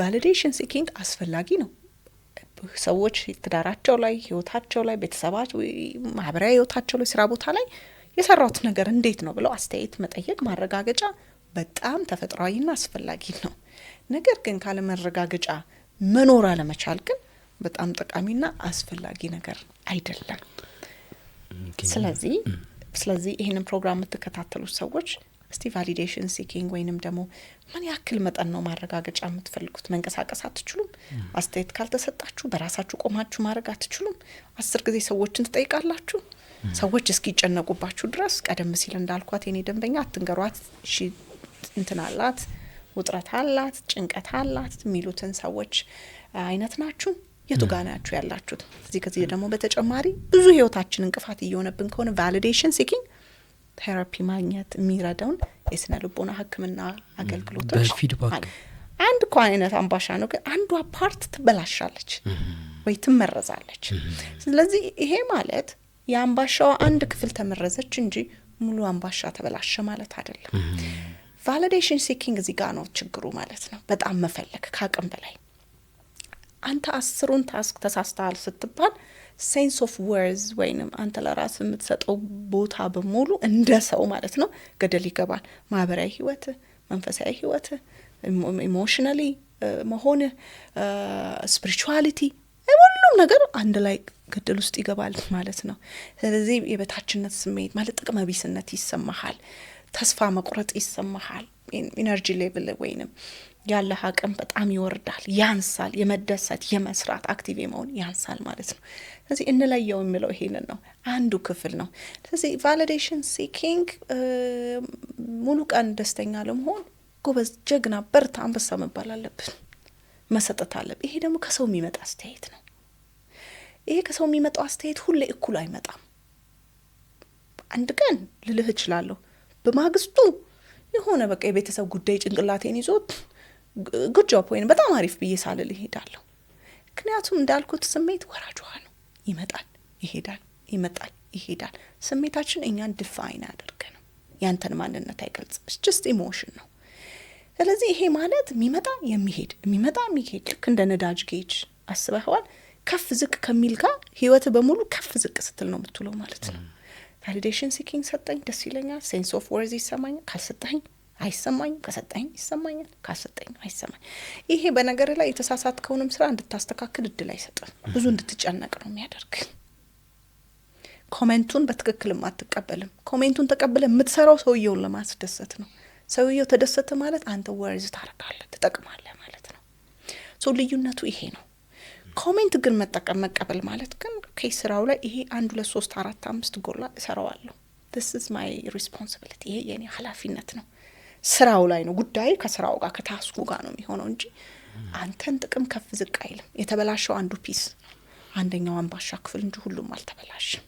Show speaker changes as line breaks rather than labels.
ቫሊዴሽን ሲኪንግ አስፈላጊ ነው። ሰዎች ትዳራቸው ላይ፣ ህይወታቸው ላይ፣ ቤተሰባቸው፣ ማህበራዊ ህይወታቸው ላይ፣ ስራ ቦታ ላይ የሰራሁት ነገር እንዴት ነው ብለው አስተያየት መጠየቅ ማረጋገጫ በጣም ተፈጥሯዊና አስፈላጊ ነው። ነገር ግን ካለመረጋገጫ መኖር አለመቻል ግን በጣም ጠቃሚና አስፈላጊ ነገር አይደለም። ስለዚህ ስለዚህ ይህንን ፕሮግራም የምትከታተሉት ሰዎች እስቲ ቫሊዴሽን ሲኪንግ ወይንም ደግሞ ምን ያክል መጠን ነው ማረጋገጫ የምትፈልጉት? መንቀሳቀስ አትችሉም? አስተያየት ካልተሰጣችሁ በራሳችሁ ቆማችሁ ማድረግ አትችሉም? አስር ጊዜ ሰዎችን ትጠይቃላችሁ። ሰዎች እስኪጨነቁባችሁ ድረስ ቀደም ሲል እንዳልኳት የኔ ደንበኛ አትንገሯት፣ እሺ እንትን አላት፣ ውጥረት አላት፣ ጭንቀት አላት የሚሉትን ሰዎች አይነት ናችሁ። የቱ ጋ ናችሁ ያላችሁት? ከዚህ ከዚህ ደግሞ በተጨማሪ ብዙ ህይወታችን እንቅፋት እየሆነብን ከሆነ ቫሊዴሽን ሲኪንግ ቴራፒ ማግኘት የሚረዳውን የስነ ልቦና ህክምና አገልግሎቶች በፊድባክ አንድ እኮ አይነት አምባሻ ነው፣ ግን አንዷ ፓርት ትበላሻለች ወይ ትመረዛለች። ስለዚህ ይሄ ማለት የአምባሻዋ አንድ ክፍል ተመረዘች እንጂ ሙሉ አምባሻ ተበላሸ ማለት አይደለም። ቫሊዴሽን ሲኪንግ እዚህ ጋር ነው ችግሩ ማለት ነው። በጣም መፈለግ ከአቅም በላይ አንተ አስሩን ታስክ ተሳስተሃል ስትባል ሴንስ ኦፍ ወርዝ ወይንም አንተ ለራስ የምትሰጠው ቦታ በሙሉ እንደ ሰው ማለት ነው ገደል ይገባል። ማህበራዊ ህይወት፣ መንፈሳዊ ህይወት፣ ኢሞሽናሊ መሆን፣ ስፒሪቹዋሊቲ ሁሉም ነገር አንድ ላይ ገደል ውስጥ ይገባል ማለት ነው። ስለዚህ የበታችነት ስሜት ማለት ጥቅመ ቢስነት ይሰማሃል፣ ተስፋ መቁረጥ ይሰማሃል። ኢነርጂ ሌቭል ወይንም ያለህ አቅም በጣም ይወርዳል፣ ያንሳል። የመደሰት የመስራት አክቲቭ የመሆን ያንሳል ማለት ነው። ስለዚህ እንለየው የሚለው ይሄንን ነው፣ አንዱ ክፍል ነው። ስለዚህ ቫሊዴሽን ሲኪንግ ሙሉ ቀን ደስተኛ ለመሆን ጎበዝ፣ ጀግና፣ በርታ፣ አንበሳ መባል አለብን፣ መሰጠት አለብን። ይሄ ደግሞ ከሰው የሚመጣ አስተያየት ነው። ይሄ ከሰው የሚመጣው አስተያየት ሁሌ እኩል አይመጣም። አንድ ቀን ልልህ እችላለሁ፣ በማግስቱ የሆነ በቃ የቤተሰብ ጉዳይ ጭንቅላቴን ይዞ ጉጃ ወይም በጣም አሪፍ ብዬ ሳልል ይሄዳለሁ። ምክንያቱም እንዳልኩት ስሜት ወራጅ ውሃ ነው። ይመጣል፣ ይሄዳል፣ ይመጣል፣ ይሄዳል። ስሜታችን እኛን ድፋይን አያደርገንም። ያንተን ማንነት አይገልጽም። ጀስት ኢሞሽን ነው። ስለዚህ ይሄ ማለት የሚመጣ የሚሄድ የሚመጣ የሚሄድ ልክ እንደ ነዳጅ ጌጅ አስበኸዋል። ከፍ ዝቅ ከሚል ጋር ህይወት በሙሉ ከፍ ዝቅ ስትል ነው የምትውለው ማለት ነው። ቫሊዴሽን ሲኪንግ ሰጠኝ፣ ደስ ይለኛል። ሴንስ ኦፍ ወርዝ ይሰማኛል። ካልሰጠኝ አይሰማኝም፣ ከሰጠኝ ይሰማኛል፣ ካልሰጠኝ አይሰማኝ። ይሄ በነገር ላይ የተሳሳትከውንም ስራ እንድታስተካክል እድል አይሰጥም። ብዙ እንድትጨነቅ ነው የሚያደርግ። ኮሜንቱን በትክክልም አትቀበልም። ኮሜንቱን ተቀብለ የምትሰራው ሰውየውን ለማስደሰት ነው። ሰውየው ተደሰተ ማለት አንተ ወርዝ ታረጋለህ፣ ትጠቅማለህ ማለት ነው። ሰው ልዩነቱ ይሄ ነው። ኮሜንት ግን መጠቀም መቀበል ማለት ግን ስራው ላይ ይሄ አንድ ሁለት ሶስት አራት አምስት ጎላ እሰራዋለሁ። ስ ማይ ሪስፖንሲቢሊቲ ይሄ የኔ ኃላፊነት ነው። ስራው ላይ ነው ጉዳይ ከስራው ጋር ከታስኩ ጋር ነው የሚሆነው እንጂ አንተን ጥቅም ከፍ ዝቅ አይልም። የተበላሸው አንዱ ፒስ አንደኛው አንባሻ ክፍል እንጂ ሁሉም አልተበላሽም።